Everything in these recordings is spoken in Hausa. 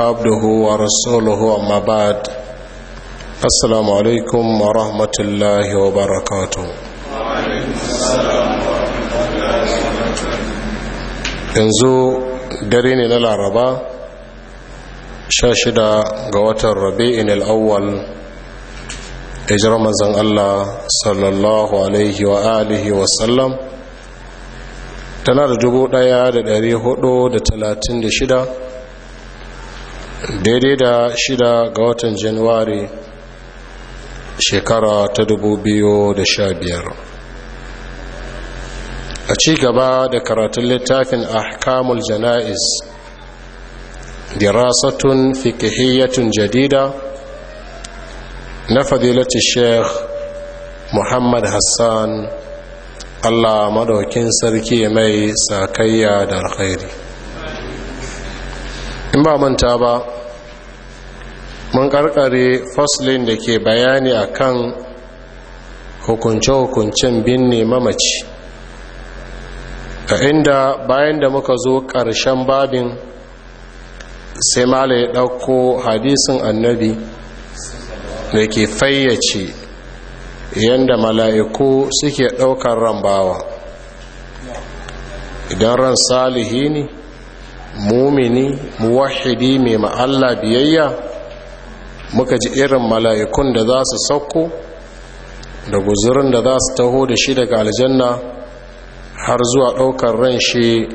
عبده ورسوله أما بعد السلام عليكم ورحمة الله وبركاته yanzu dare ne na laraba 16 ga watan rabi'in al'awwal hijirar manzan Allah sallallahu alaihi wa alihi wasallam tana da talatin da shida. daidai da shida ga watan januwari shekara ta dubu biyu da sha biyar a ci gaba da karatun littafin ahkamul jana'iz dirasatun fikihiyatun jadida na fadilati sheikh muhammad hassan allah madaukin sarki mai sakayya da alkhairi in ba manta ba mun karkare faslin da ke bayani a kan hukunce-hukuncen binne mamaci a inda bayan da muka zo ƙarshen babin sai mala ya ɗauko hadisin annabi da ke fayyace yadda mala'iku suke ɗaukar ran bawa idan ran salihi ne mumini muwahidi mai ma'alla biyayya muka ji irin mala'ikun da za su sauko da guzurin da za su taho da shi daga aljanna har zuwa ɗaukar ran shi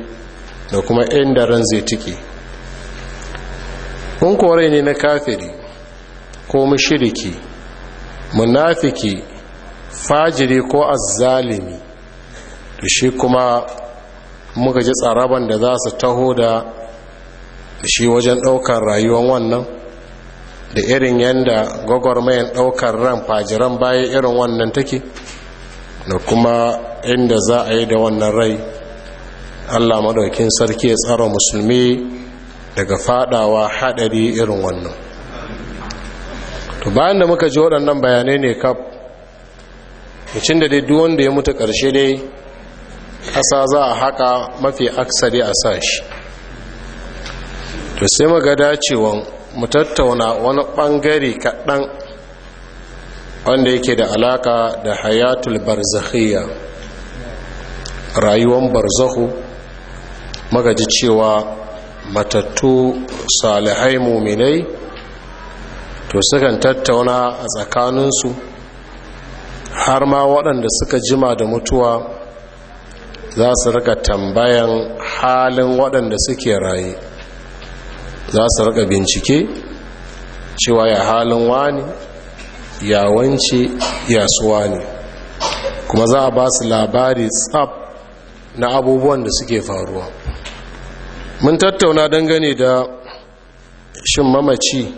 da kuma inda ran zai tiki mun kore ne na kafiri ko mushiriki munafiki fajiri ko azzalimi da shi kuma muka ji tsaraban da za su taho da shi wajen ɗaukar rayuwar wannan da irin yadda gwagwarmayan ɗaukar ran fajiran baya irin wannan take da kuma inda za a yi da wannan rai allah madaukin sarki ya tsara musulmi daga fadawa haɗari irin wannan to bayan da muka ji waɗannan bayanai ne kaf mucin da dai duwanda ya mutu ƙarshe dai ƙasa za a haƙa mafi aksari a sa shi to sai maga dacewan mu tattauna wani ɓangare kaɗan wanda yake da alaƙa da hayatul barzakhiyya rayuwan barzahu magaji cewa matattu salihai muminai to sukan tattauna a tsakaninsu har ma waɗanda suka jima da mutuwa za su rika tambayan halin waɗanda suke raye za su rika bincike cewa ya halin wani ya wance ya suwa ne kuma za a ba su labari tsab na abubuwan da suke faruwa mun tattauna dangane da shin mamaci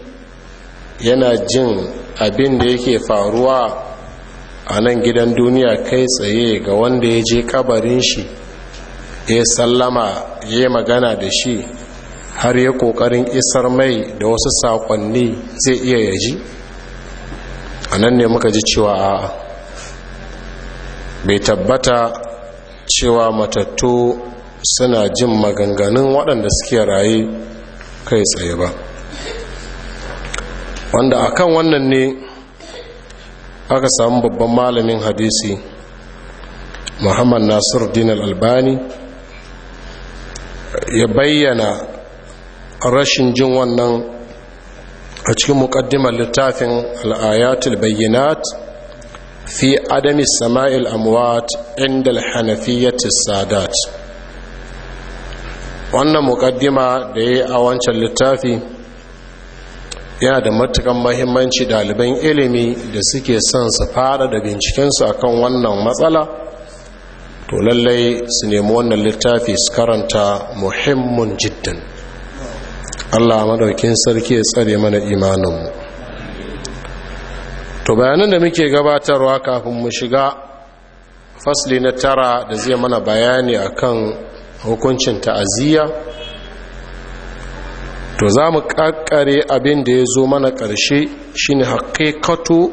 yana jin abin da yake faruwa a nan gidan duniya kai tsaye ga wanda ya je kabarin shi ya sallama ya magana da shi har ya kokarin isar mai da wasu sakonni zai iya yaji a nan ne muka ji cewa a bai tabbata cewa matattu suna jin maganganun waɗanda suke raye kai tsaye ba wanda akan wannan ne aka samu babban malamin hadisi muhammad nasir dinar albani ya bayyana rashin jin wannan a cikin muƙaddimar littafin al'ayatul bayyanat fi adami sama'il amwat inda alhanafiyyati sadat wannan muƙaddima da ya yi a wancan littafi yana da matukan mahimmanci ɗaliban ilimi da suke son su fara da bincikensu akan wannan matsala to lallai su nemi wannan littafi su karanta muhimmin jiddan allah madaukin sarki ya tsare mana imaninmu to bayanan da muke gabatarwa kafin mu shiga fasli na tara da zai mana bayani akan hukuncin ta'aziyya to za mu kakare abin da ya zo mana ƙarshe shi ne haƙiƙatu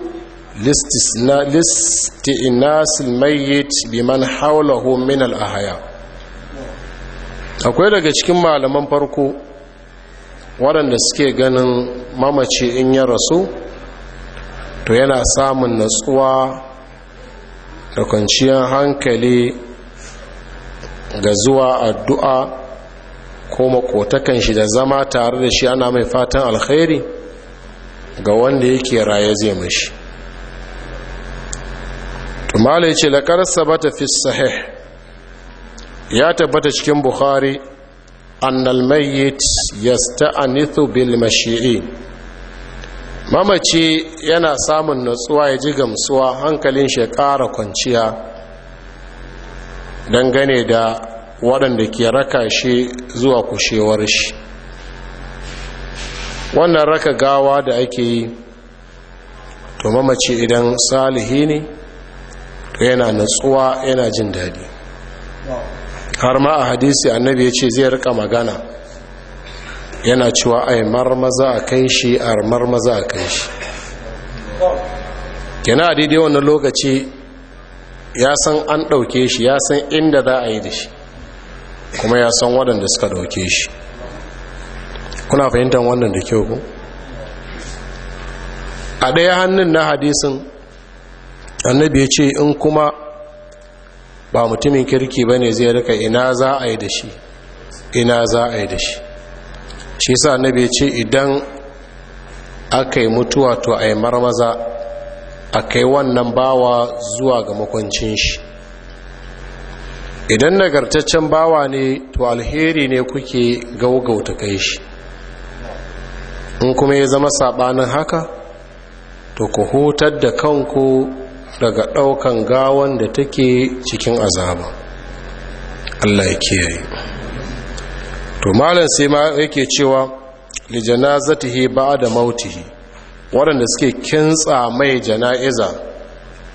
listi'inasil mayyit biman haulahu min al'ahaya akwai daga cikin malaman farko waɗanda suke ganin mamaci in ya rasu to yana samun natsuwa da kwanciyar hankali ga zuwa addu'a ko makotakan shi da zama tare da shi ana mai fatan alkhairi ga wanda yake raye zai mashi tumala yace ce ba ta fi sahih ya tabbata cikin bukhari annal mayyit yasta'anithu bil mashi'i mamaci yana samun natsuwa ya ji gamsuwa hankalin shi ya ƙara kwanciya dangane da waɗanda ke raka shi zuwa kushewar shi wannan raka gawa da ake yi to mamaci idan salihi ne to yana natsuwa yana jin daɗi har ma a hadisi annabi ya ce zai rika magana yana cewa ai marmaza a kai shi a marmaza a kai shi yana a daidai wannan lokaci ya san an ɗauke shi ya san inda za a yi da shi kuma ya san waɗanda suka ɗauke shi kuna fahimtar wannan da kyau ku a ɗaya hannun na hadisin annabi ya ce in kuma ba mutumin kirki ba ne zai rika ina za a yi da shi ina za a yi da shi shi sa annabi ya ce idan aka yi mutuwa to a yi marmaza a kai wannan bawa zuwa ga makwancin shi idan nagartaccen bawa ne to alheri ne kuke gaugauta kai shi in kuma ya zama saɓanin haka to ku hutar da kanku daga ɗaukan gawan da take cikin azaba Allah ya kiyaye to malam sai ma yake cewa li janazatihi ba'da mautihi waɗanda suke kintsa mai jana'iza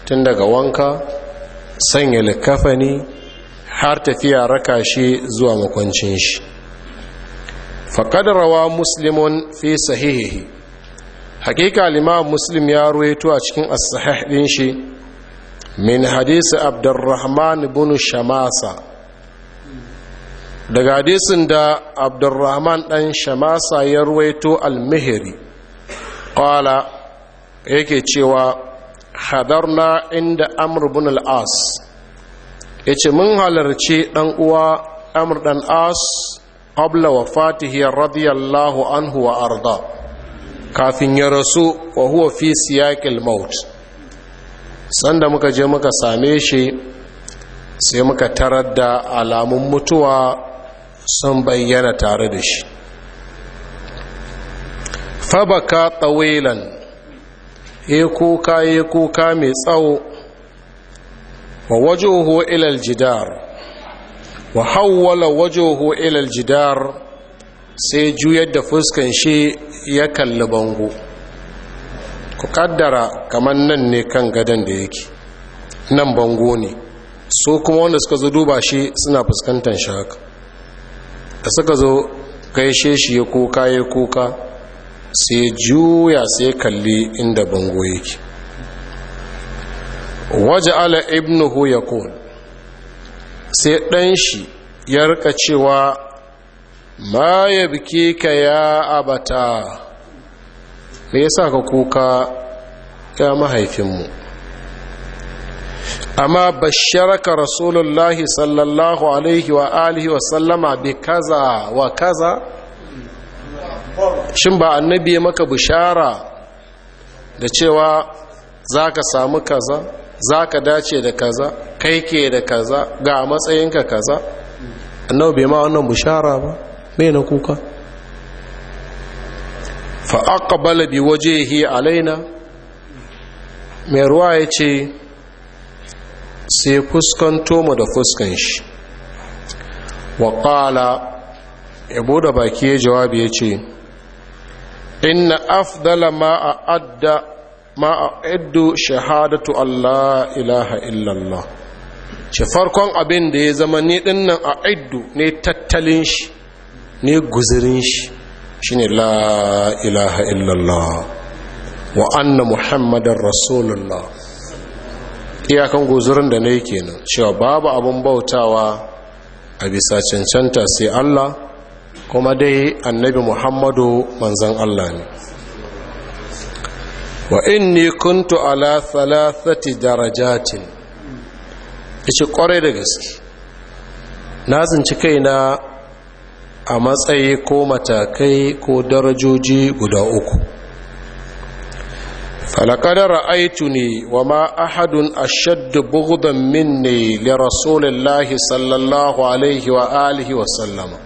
tun daga wanka sanya likafani har tafiya raka shi zuwa makwancin shi faƙad rawa muslimun fi sahihihi hakika limam muslim ya ruwaito a cikin as ɗin shi min hadisi abdurrahman ibn shamasa daga hadisin da abdurrahman ɗan shamasa ya ruwaito almihiri. mihri yake cewa hadarna inda amr ibn ya ce mun halarci ɗan uwa amur ɗan as Abla wa fatihiyar radiyallahu anhu wa arda kafin ya rasu wa huwa fi siyakil maut sanda muka je muka same shi sai muka tarar da alamun mutuwa sun bayyana tare da shi fabaka tsawilan ya kuka ya kuka mai tsawo wa wajuhu ila aljidar wa hawwala wajuhu ila aljidar sai juyar da fuskan shi ya kalli bango ku kaddara kamar nan ne kan gadon da yake nan bango ne su kuma wanda suka zo duba shi suna fuskantar shi da suka zo gaishe shi ya kuka ya kuka sai juya sai kalli inda bango yake waje ala ibnuhu ya sai ɗan shi ya rika cewa ma ya biki ka ya abata me sa ka kuka ya mahaifinmu amma basharaka rasulullahi sallallahu alaihi wa alihi wa sallama bi kaza wa kaza shin ba annabi maka bishara da cewa za ka samu kaza za ka dace da kaza kai ke da kaza ga matsayinka kaza annabi bai ma wannan bushara ba mai na kuka fa'aƙabala bi waje hi alaina mai ruwa ya ce sai fuskanto mu da fuskan shi ƙala ya buɗe baki ya jawabi ya ce inna afdala ma a adda ma a'iddu shahadatu Allah ilaha illallah ce farkon abin da ya zama ni a a'iddu ne tattalin shi ne guzirin shi shine la ilaha illallah wa anna muhammadar rasulullah iyakan guzurin da na yi kenan cewa babu abin bautawa a bisa cancanta sai Allah kuma dai annabi muhammadu manzan Allah ne wa’inni kun ala thalathati darajatin ishi ƙwarai da gaske na tsinci kaina a matsayi ko matakai ko darajoji guda uku falakada ra'aitu ne wa ma ahadun ashaddu bugudan min ne da rasulullahi sallallahu alaihi wa alihi wa sallama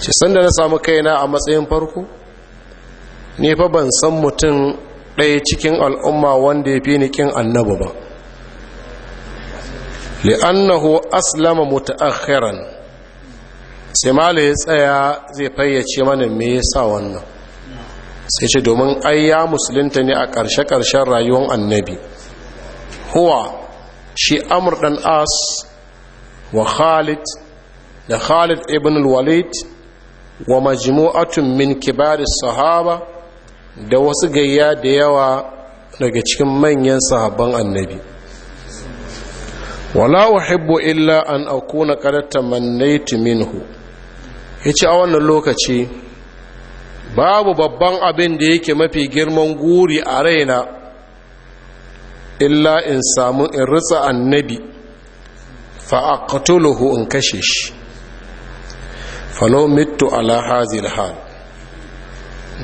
ci sanda na samu kaina a matsayin farko? ne fa ban san mutum ɗaya cikin al'umma wanda ya fi ni kin annabi ba li'annahu aslama mutaakhiran sai mala ya tsaya zai fayyace mana me yasa wannan sai ce domin ai ya musulunta ne a ƙarshe-ƙarshen rayuwar annabi huwa shi amur ɗan as wa khalid da khalid ibn walid wa majmu'atun min kibaris sahaba da wasu gayya da yawa daga cikin manyan sahabban annabi wala uhibbu illa an akuna qad tamannaytu minhu yace a wannan lokaci babu babban abin da yake mafi girman guri a raina illa in samu in ritsa annabi fa aqtuluhu in kashe shi fa law mittu ala hazil hal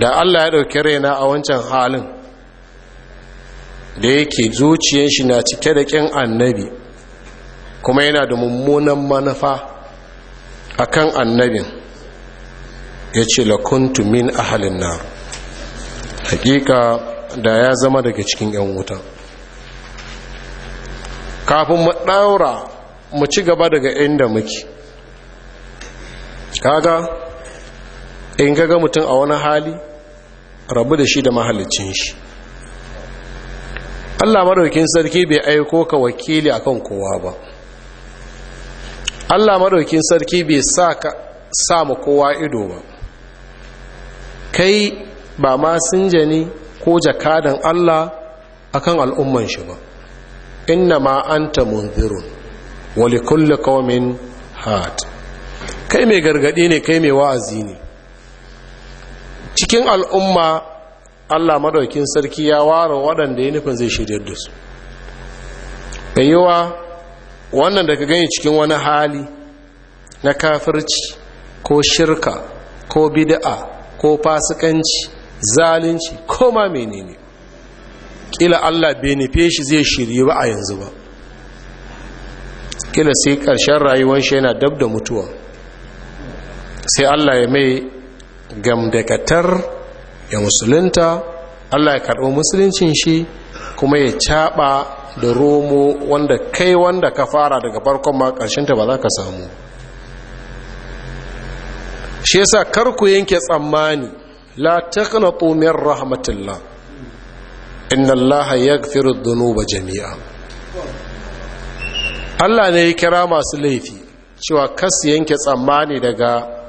da allah ya ɗauki raina a wancan halin da yake zuciyar shi na cike da ƙin annabi kuma yana da mummunan manufa a kan annabin ya ce lakuntu min ahalin na hakika da ya zama daga cikin 'yan wuta kafin mu ɗaura mu ci gaba daga inda muke kaga in ga mutum a wani hali rabu da shi da mahallicin shi Allah maraukin sarki bai aiko ka wakili akan kowa ba Allah maraukin sarki bai sa ka samu kowa ido ba kai ba ma sun ne ko jakadan Allah akan al'umman shi ba inna ma ta munzirun wa kulle kawamin hat kai mai gargadi ne kai mai wa'azi ne cikin al'umma allah madaukin sarki ya ware waɗanda ya nufin zai shirya da su ɗayewa wannan da ka gani cikin wani hali na kafirci ko shirka ko bida'a, ko fasikanci zalunci ko ma menene kila allah bai nufe shi zai shirye ba a yanzu ba ƙila sai ƙarshen rayuwar shi yana dab da mutuwa sai allah ya mai gamdakatar ya musulunta allah ya karɓi musuluncin shi kuma ya caɓa da romo wanda kai wanda ka fara daga farkon ma ta ba za ka samu shi yasa karku yanke tsammani la taqnatu inda Allah inna allaha yaghfiru dhunuba jami'a Allah ne ya kira masu laifi cewa kas yanke tsammani daga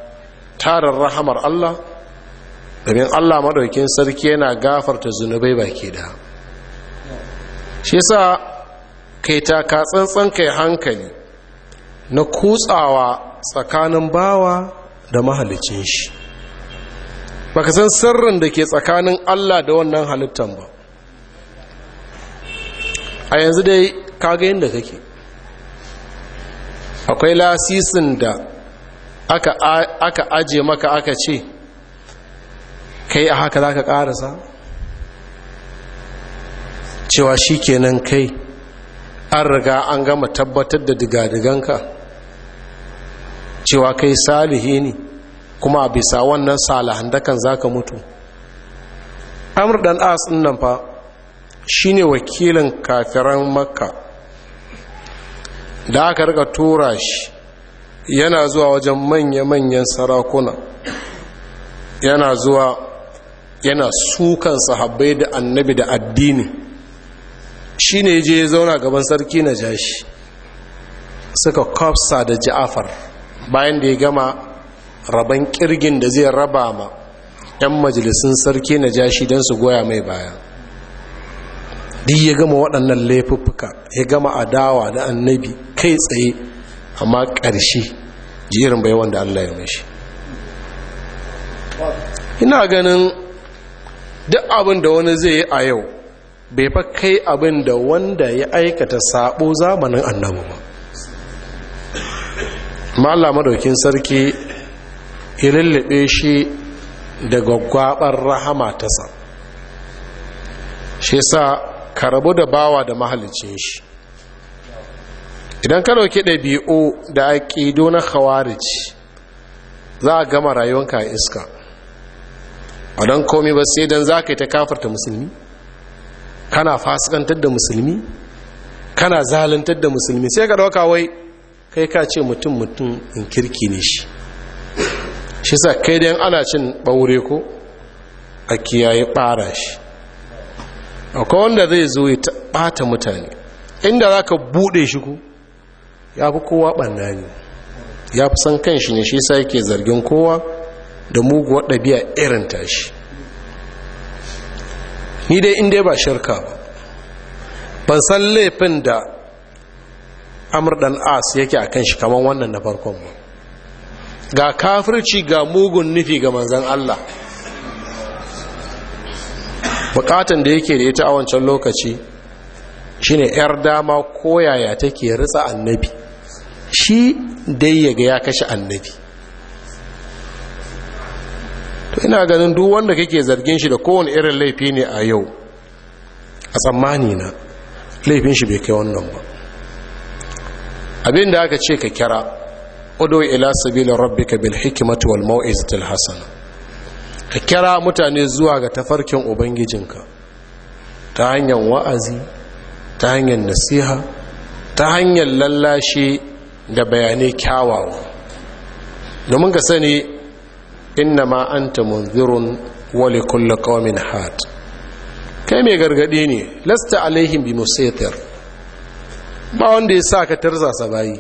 tarin rahamar Allah domin Allah maɗaukin sarki yana gafarta zunubai baki da shi sa kai ka tsantsan kai hankali na kutsawa tsakanin bawa da mahalicin shi baka san sirrin da ke tsakanin Allah da wannan halittan ba a yanzu dai kaga yadda kake akwai lasisin da aka aka aje maka aka ce kai a haka zaka karasa cewa shi kenan kai an riga an gama tabbatar da digadiganka cewa kai salihi ne kuma a bisa wannan salahan dakan zaka mutu amr dan as nan fa shine wakilin kafiran makka da aka rika tura shi yana zuwa wajen manya-manyan sarakuna yana zuwa yana sukan sahabbai da annabi da addini shi ne je zauna gaban sarki na jashi suka kafsa da ja'afar bayan da ya gama rabon kirgin da zai raba ma 'yan majalisun sarki na jashi don su goya mai baya duk ya gama waɗannan laifuffuka ya gama adawa da annabi kai tsaye amma ƙarshe jirin bai wanda Allah ya mashi ina ganin duk abin da wani zai yi a yau bai fa kai abin da wanda ya aikata sabo zamanin annabi ba malla madaukin sarki ya lullube shi daga gwabar rahama tasa shi sa karabu da bawa da mahalicin shi idan ka dauki ɗabi'u da aƙido na khawarij za a gama rayuwanka a iska a don komi ba sai don za ka yi ta kafarta musulmi kana fasikantar da musulmi kana zalantar da musulmi sai ka dauka wai kai ka ce mutum mutum in kirki ne shi shi sa kai da ana cin ɓaure ko a kiyaye ɓara shi akwai wanda zai zo ya ɓata mutane inda za ka buɗe shi ku ya fi kowa ɓanna ne ya fi san kan shi ne shi sa yake zargin kowa da muguwar ɗabi'a irin tashi ni dai inda ba shirka ba ban san laifin da amur ɗan as yake a kan shi kamar wannan na farkon ba ga kafirci ga mugun nufi ga manzan allah bukatan da yake da ita a wancan lokaci Shi ne yar dama koyaya take ritsa annabi shi dai yaga ya kashe annabi to ina ganin duk wanda kake zargin shi da kowane irin laifi ne a yau a tsammani na laifin shi bai kai wannan ba abinda aka ce ka kira udu ila sabila rabbika bil hikimatu wal mau'izatil hasana ka kira mutane zuwa ga tafarkin ubangijinka ta hanyar wa'azi ta hanyar nasiha ta hanyar lallashi da bayanai kyawawa domin ka sani inna ma an ta munzirun wale kulla kawamin hat kai mai gargaɗi ne lasta alaihim bi musaitar ba wanda ya sa ka tarzasa bayi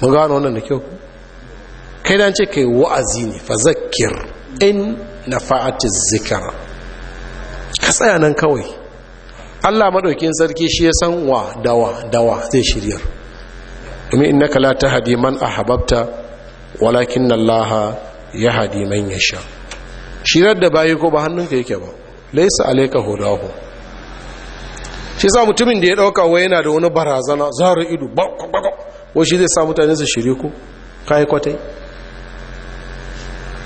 mu gano wannan da kyau kai dan ce kai wa'azi ne fa zakkir in nafa'ati zikara ka tsaya nan kawai Allah madaukin sarki shi ya san wa dawa dawa zai shiryar domin innaka la tahdi man ahbabta walakin Allah hadi man yasha shirar da bayi ko ba hannunka yake ba laysa alayka hudahu shi sa mutumin da ya dauka wai yana da wani barazana zaru ido ba ba ba Wai shi zai sa mutane su shirye ku kai kwatai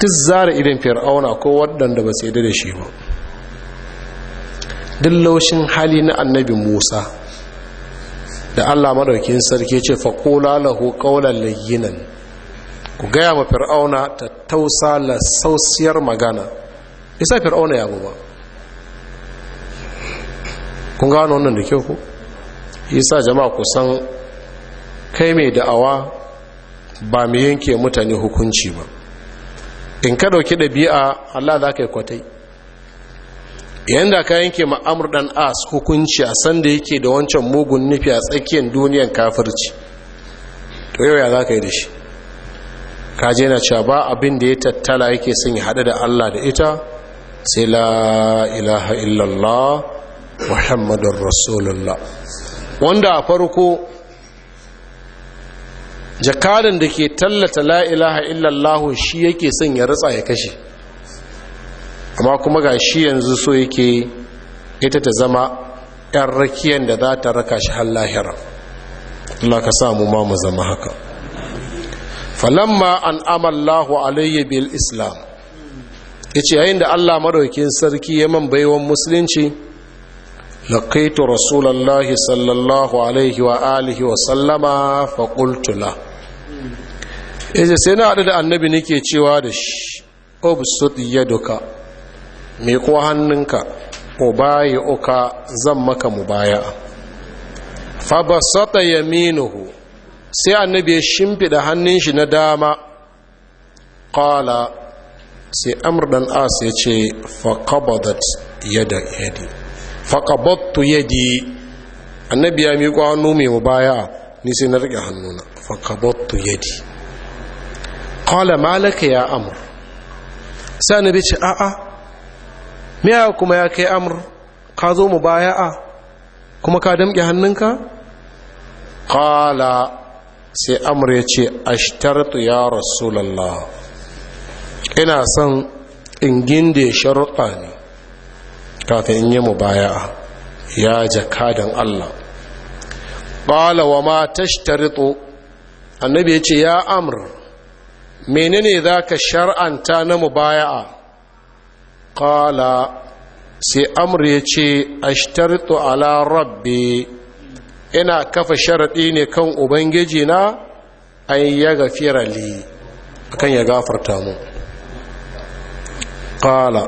duk zara idan fir'auna ko waɗanda ba su da shi ba dillaushin hali na annabi musa da allah madaukin sarki ce faƙola lahu ƙaunar layyinan ku gaya ma fir'auna ta tausa lasausiyar magana isa fir'auna ya ba kun gano wannan da kyau ku isa jama'a kusan kai mai da'awa ba mai yanke mutane hukunci ba in ka ɗauki ɗabi'a allah za ka yi kwatai yanda ka yanke ma'amur dan as hukunci a sanda yake da wancan mugun nufi a tsakiyar duniyan kafirci to yau ya za ka yi da shi ka je na cewa ba abin da ya tattala yake son ya haɗu da allah da ita sai la ilaha illallah muhammadun rasulullah wanda a farko jakadan da ke tallata la ilaha illallah shi yake son ya ritsa ya kashe amma kuma ga shi yanzu so yake ita ta zama yan rakiyan da za ta raka shi har lahira Allah ka samu ma mu zama haka falamma an amallahu alayhi bil islam yace yayin da Allah madaukin sarki ya man baiwan musulunci sallallahu alaihi wa لقيت رسول الله صلى الله عليه وآله وسلم فقلت da annabi nake cewa da shi أبسط yaduka mai kuwa hannunka baya uka zan maka mu mubaya fabasata yaminuhu sai annabi ya shimfiɗa hannun shi na dama ƙala sai amur dan as ya ce faqabadat yada yadi faqabattu yadi annabi ya miƙo hannu mai baya? ni sai na riƙe hannuna faqabattu yadi ƙala malaka ya amr sai annabi ce a'a Miya kuma ya kai amur ka zo mu baya'a kuma ka damƙe hannunka ƙala sai amur ya ce ashtartu ya rasulallah ina son in ginde sharuɗa ne kafin in yi mu baya'a ya jakadan allah ƙala wa ma tashtaritu annabi ya ce ya amur menene za ka shar'anta na mubaya'a qala sai Amur ya ce ashtaritu ala rabbi ina kafa sharaɗi ne kan ubangiji na an ya gafira li akan ya gafarta mu qala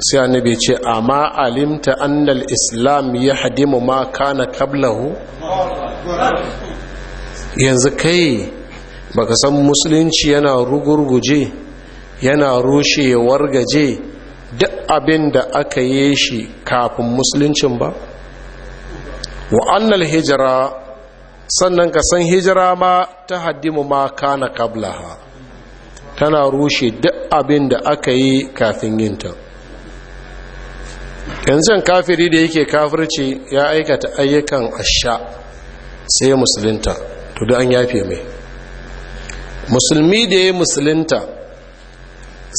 sai annabi ce amma alimta annal islam ya hadimu ma kana kablahu. yanzu kai baka san musulunci yana rugurguje yana rushe wargaje duk abin da aka yi shi kafin musuluncin ba wa'annal hijira sannan ka san hijira ma ta haddimu ma kana kablaha tana rushe duk abin da aka yi kafin yinta yanzu kafiri da yake kafirci ya aikata ayyukan asha sai musulunta to da an yafe mai musulmi da ya musulunta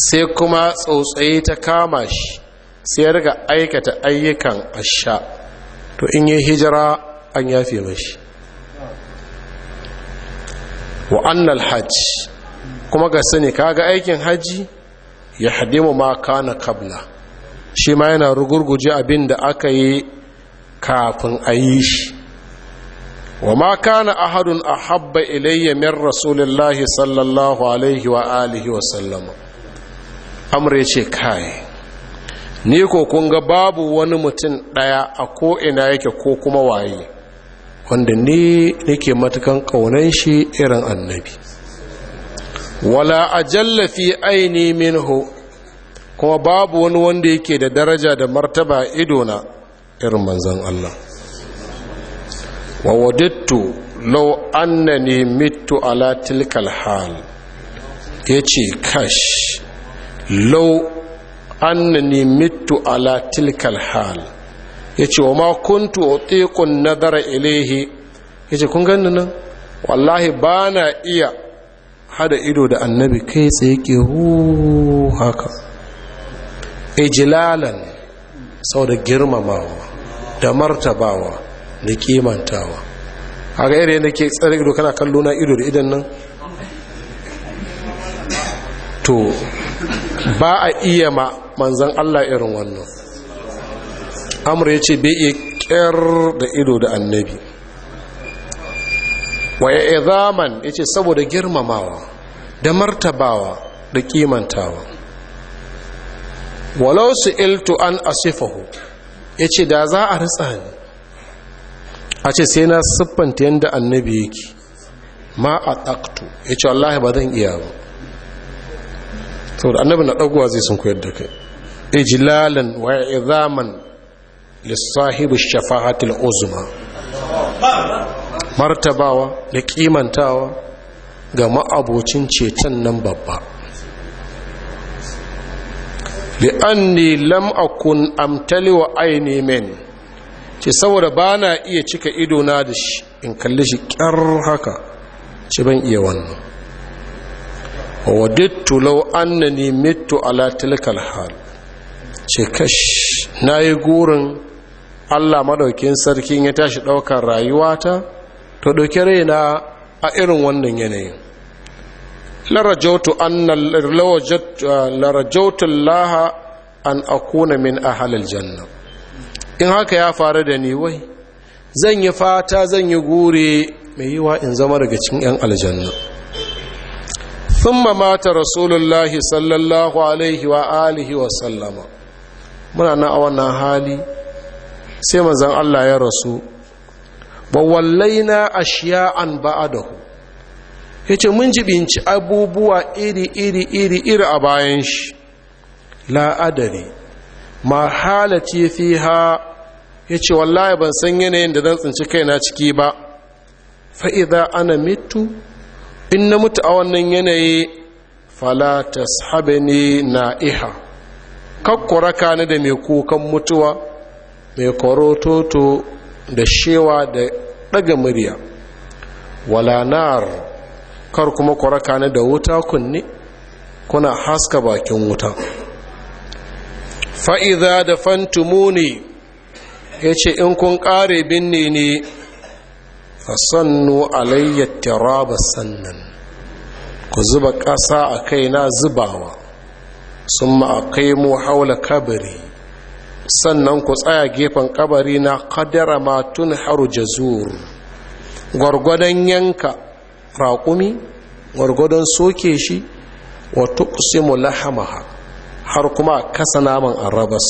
sai kuma tsautsayi ta kama shi sai ya aikata ayyukan asha to in yi hijira an yafe mashi wa annal hajj kuma ga sani kaga aikin Hajji? ya hadimu ma kana kabla shi ma yana rugurguje abin da aka yi kafin a yi shi wa ma kana ahadun ahabba ilayya min rasulillahi sallallahu alaihi wa alihi wa sallama amur ya ce kai ni ko kun ga babu wani mutum ɗaya a ko'ina yake ko kuma waye wanda ni nake matukan ƙaunan shi irin annabi wala a jallafi aini minhu kuma babu wani wanda yake da daraja da martaba idona irin manzan Allah wa wadattu lau annani mitu ala tilkal hal ya ce kashi. lau annani mitu ala tilkal hal ya ce wa ma kuntu otikun nadara ilaihi ya ce kun ganni nan wallahi ba na iya hada ido da annabi kai tsaye ke hu haka ijilalan sau da girmamawa da martabawa da kimantawa a ga yadda ke tsare ido kana kallo na ido da idan nan to ba a iya ma manzan Allah irin wannan amur ya ce bai iya ƙyar da ido da annabi waya izaman ya ce saboda girmamawa da martabawa da kimantawa walau su iltu an asifahu ya ce da za a ritsa ne a ce sai na siffanta yadda annabi yake ma a ɗaktu ya ce wallahi ba zan iya ba saboda annabi na ɗaguwa zai sun koyar da kai ijlalan wa izaman lissahibu shafa'atul uzma martabawa da kimantawa ga ma'abocin ceton nan babba li'anni lam akun amtali wa aini min ce saboda ba na iya cika idona da shi in kalli shi kyar haka ce ban iya wannan wadittu law annani mitu ala tilkal hal ce kash nayi gurin Allah madaukin sarki ya tashi daukar rayuwata to dauke raina a irin wannan yanayin larajautu anna larajautu Allah an akuna min ahlil janna in haka ya faru da ni wai zan yi fata zan yi gure mai yiwa in zama daga cikin 'yan aljanna thumma mata rasulullahi sallallahu alaihi wa alihi wa sallama muna na a wannan hali sai manzan Allah ya rasu ba wallaina ashiya'an ba'adahu yace mun jibinci abubuwa iri iri iri iri a bayan shi la adari ma halati fiha yace wallahi ban san yanayin da zan tsinci kaina ciki ba fa idza ana mitu in na mutu a wannan yanayi fala ne na iha kakkura ni da mai kukan mutuwa mai korototo da shewa da ɗaga murya wala na'ar kar kuma kuraka ni da wuta kunne kuna haska bakin wuta fa'iza da fantumuni ya ce in kun ƙare binne ne sannu alayya tiraba sannan ku zuba ƙasa a kai na zubawa sun ma'akai mu haula kabari sannan ku tsaya gefen kabari na kadara matun haru jazur gwargwadon yanka raƙumi gwargwadon soke shi wa tuqsimu lahamaha har kuma kasa naman arabas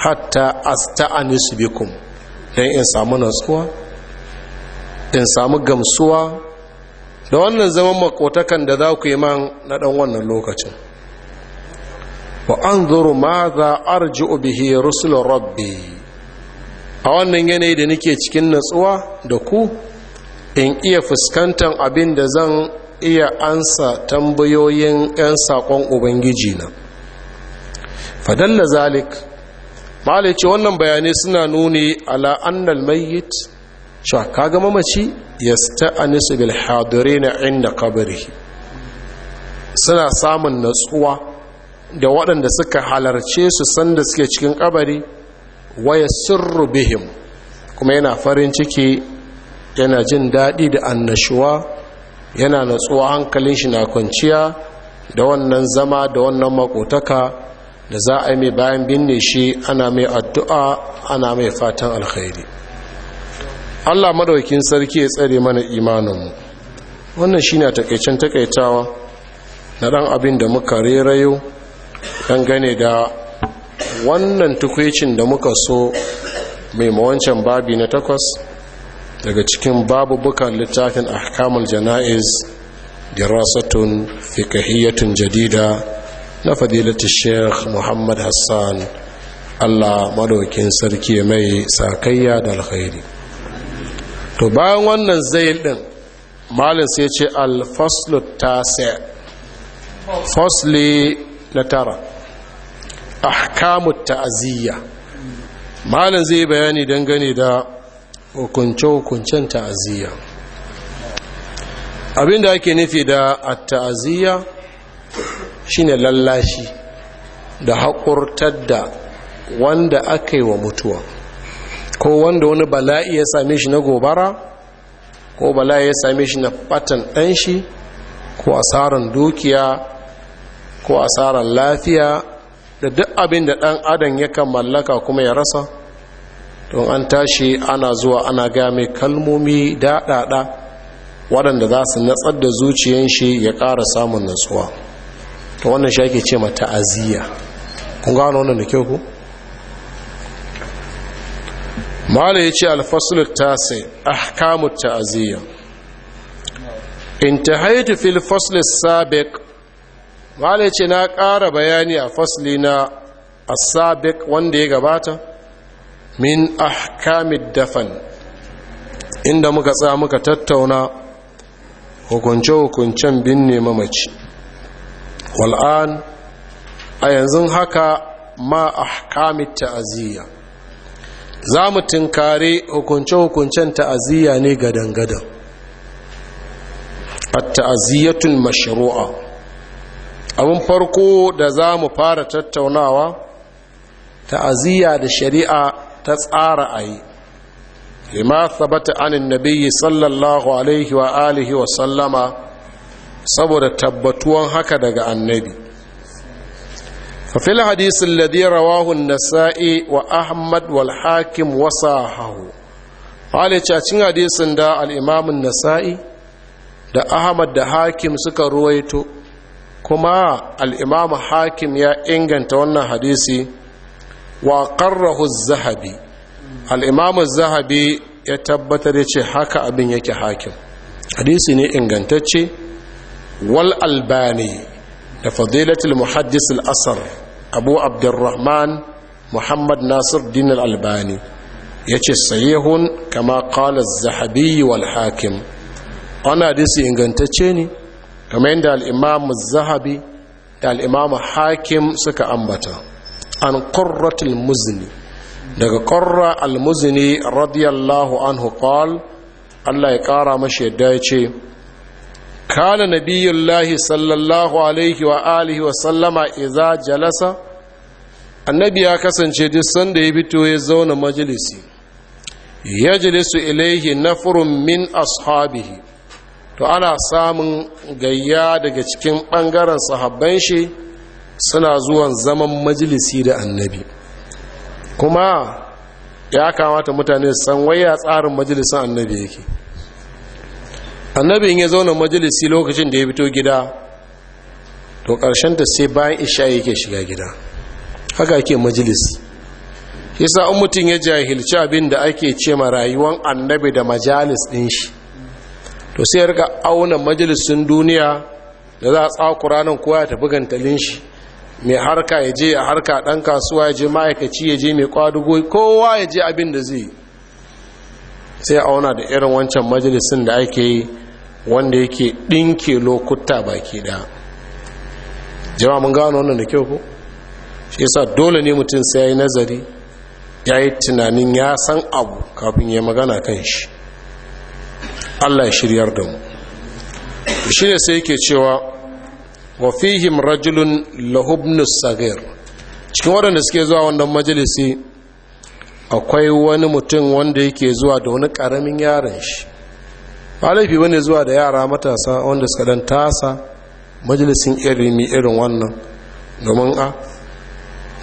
hatta asta'anisu bikum don in samu natsuwa in samu gamsuwa da wannan zaman makotakan da za ku yi man na ɗan wannan lokacin wa an zuru ma za arji bihi rusulun rabbi a wannan yanayi da nake cikin natsuwa da ku in iya fuskantar abin da zan iya ansa tambayoyin 'yan saƙon ubangiji na fadalla zalik ce wannan bayanai suna nuni ala annal mayyit cewa ga mamaci ya sta'anisu bil na inda kabari suna samun natsuwa da waɗanda suka halarce su sanda suke cikin kabari waya sirru bihim kuma yana farin ciki yana jin daɗi da annashuwa yana natsuwa hankalin shi na kwanciya da wannan zama da wannan makotaka da za a yi mai bayan binne shi ana mai addu'a ana mai fatan alkhairi Allah madaukin sarki ya tsare mana imaninmu wannan shine takaicen takaitawa na dan abin da muka rerayo dangane da wannan tukwicin da muka so mai mawancan babi na takwas daga cikin babu bukan littafin ahkamul jana'iz dirasatun fikahiyyatun jadida na fadilatu sheikh muhammad hassan Allah madaukin sarki mai sakayya da alkhairi to bayan wannan zai din malin sai ce alfaslu tasa fasli na tara ahkamu ta'aziyya malin zai bayani dangane da hukunce-hukuncen ta'aziyya abinda ake nufi da ta'aziyya shine lallashi da haƙurtar da wanda aka yi wa mutuwa ko wanda wani bala'i ya same shi na gobara ko bala'i ya same shi na batan ɗanshi, shi ko asarar dukiya ko asarar lafiya da duk abin da ɗan adam ya kan mallaka kuma ya rasa don an tashi ana zuwa ana game kalmomi daɗaɗa waɗanda za su natsar da zuciyan shi ya ƙara samun natsuwa to wannan shi ake ce ma aziya. kun gano wannan da kyau ku mala ya ce alfasulun tasai ahkamu ta'aziyya intahaitu fil fasl sabiq mala ya ce na ƙara bayani a fasli na asabiq wanda ya gabata min ahkamid dafan inda muka tsaya muka tattauna hukunce-hukuncen binne mamaci wal'an a yanzu haka ma ahkamit ta'aziyya za mu tunkare hukunce-hukuncen ta'aziyya ne gadan-gadan a ta'aziyyatun mashru'a abin farko da za mu fara tattaunawa ta'aziyya da shari'a ta tsara a yi lima sabata anin nabiyyi sallallahu alaihi wa alihi wa sallama saboda tabbatuwan haka daga annabi ففي الحديث الذي رواه النسائي وأحمد والحاكم وصاحه قال cikin hadisin da al'imamun nasa'i da ahmad da hakim suka ruwaito kuma al'imamun hakim ya inganta wannan hadisi wa ƙarrahu zahabi al'imamun zahabi ya tabbatar ya ce haka abin yake hakim hadisi ne ingantacce wal albani da fadilatul muhaddis al-asar abu abdurrahman muhammad nasir din albani ya ce sayihun kama kala zahabi wal hakim wani hadisi ingantacce ne kamar yadda al'imam zahabi da al'imam hakim suka ambata an ƙorratul muzini daga ƙorra al muzini radiyallahu anhu qal Allah ya ƙara mashi yadda ya ce kana nabiyullahi sallallahu alaihi wa alihi wa sallama iza jalasa annabi ya kasance duk sanda ya fito ya zauna majalisi yajlisu ilaihi nafrun min ashabihi to ana samun gayya daga cikin bangaren sahabban shi suna zuwan zaman majalisi da annabi kuma ya kamata mutane su san wai ya tsarin majalisin annabi yake annabin ya zauna majalisi lokacin da ya fito gida to ƙarshen ta sai bayan isha yake shiga gida haka ake majalis yasa in mutum ya jahilci abin da ake ce ma rayuwan annabi da majalis ɗin shi to sai rika auna majalisun duniya da za a tsakura nan kowa ya tafi gantalin shi mai harka ya je a harka ɗan kasuwa ya je ma'aikaci ya je mai kwadugo kowa ya je abin da zai sai auna da irin wancan majalisun da ake yi wanda yake ɗinke lokuta baki ɗaya jama mun gano wannan da kyau ko shi yasa dole ne mutum sai ya yi nazari ya yi tunanin ya san abu kafin ya magana kan shi allah ya shiryar da mu shi ne sai yake cewa wa rajulun lahubnus sagir cikin waɗanda suke zuwa wannan majalisi akwai wani mutum wanda yake zuwa da wani ƙaramin yaron shi ba laifi zuwa da yara matasa wanda suka dan tasa majalisin irimi irin wannan domin a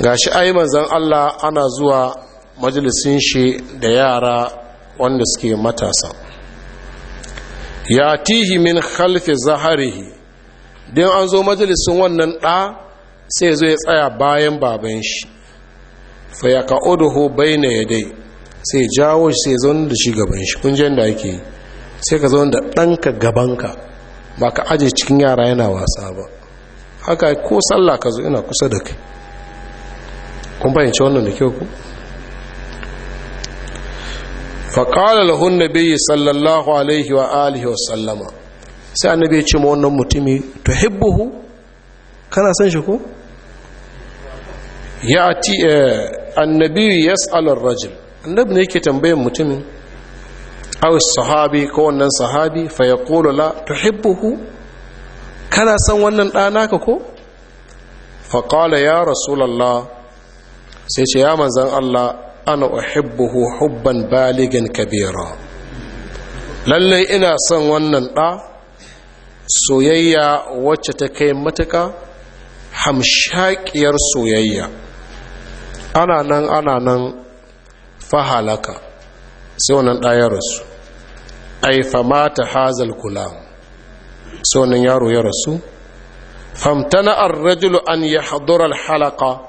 gashi ai manzan Allah ana zuwa majalisin shi da yara wanda suke matasa Ya tihi min khalfi zaharihi don an zo majalisin wannan ɗa sai zo ya tsaya bayan baban shi fa ya ka'uduhu bayna yadai sai jawo shi sai zaune da shi gaban shi kun da ake yi sai ka zo da ɗanka gabanka ba ka aje cikin yara yana wasa ba haka ko sallah ka zo ina kusa da kai kun fahimci wannan da kyau ku faƙalar lahun biyu sallallahu alaihi wa alihi wa sallama sai annabi ya ce ma wannan mutumi to hibbuhu kana san shi ko ya ati eh, annabi tsalar rajin annabi ne yake tambayin mutumin aw sahabi ko wannan sahabi fa yaqulu la tuhibbuhu kana san wannan ɗana ka ko fa qala ya rasulullah sai ce ya manzan Allah ana uhibbuhu hubban baligan kabira lalle ina son wannan da soyayya wacce ta kai matuka hamshakiyar soyayya ana nan ana nan fahalaka sai wannan ya rasu fama mata hazal kula sai wannan yaro ya rasu famtana rajul an ya hadurar halaka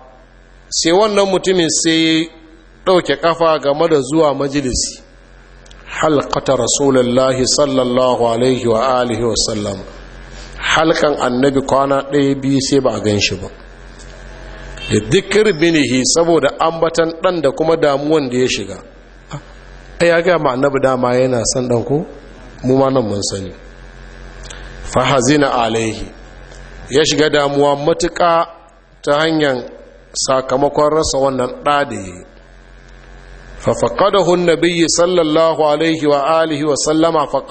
sai wannan mutumin sai ɗauke kafa game da zuwa majalisi halkata rasulullahi sallallahu alaihi wa alihi wa sallam halkan annabi kwana ɗaya biyu sai ba a gan shi ba da dikir binihi saboda ambatan ɗan da kuma damuwan da ya shiga ya ga ma annabi dama yana son dan mu ma nan mun sani fa hazina alaihi ya shiga damuwa matuƙa ta hanyar sakamakon rasa wannan ɗa da yi fa faqadahu sallallahu alaihi wa alihi wa sallama fa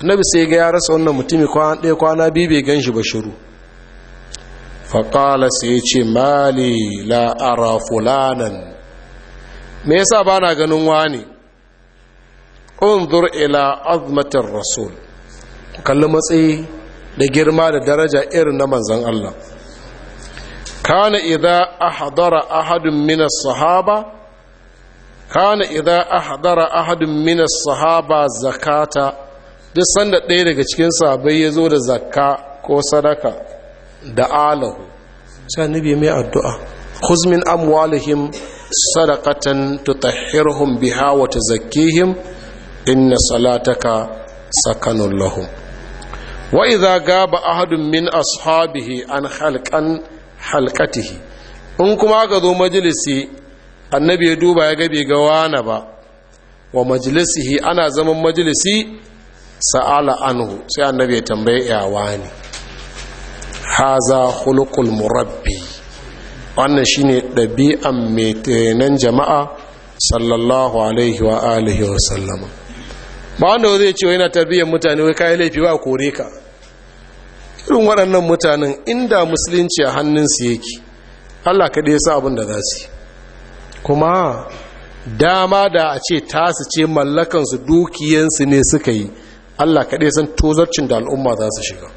annabi sai ga ya rasa wannan mutumi kwana ɗaya kwana biyu bai gan shi ba shiru faƙala sai ya ce mali la ara fulanan me yasa ba na ganin wani unzur ila azmatar rasul kalli matsayi da girma da daraja irin na manzan Allah kana idza ahdara ahadun min as-sahaba kana idza ahdara ahadun min as-sahaba zakata duk sanda ɗaya daga cikin sahabbai ya zo da zakka ko sadaka da alahu sai nabi mai addu'a khuz min amwalihim sadaqatan tutahhiruhum biha wa tuzakkihim inna salataka sakanun lahum wa idza gaba ahadun min ashabihi an halkan halqatihi in kuma ka zo majalisi annabi ya duba ya gabe ga wana ba wa majalisihi ana zaman majalisi sa'ala anhu sai annabi ya tambaye ya wani haza khuluqul murabbi wannan shine ɗabi'an mai jama'a sallallahu alaihi wa alihi wa sallama ba wanda zai ce yana tarbiyyar mutane wai kayan laifi ba kore ka irin waɗannan mutanen inda musulunci a hannun su yake allah kaɗai sa abin da za su kuma dama da a ce tasu ce mallakansu dukiyansu ne suka yi allah kaɗai san tozarcin da al'umma za su shiga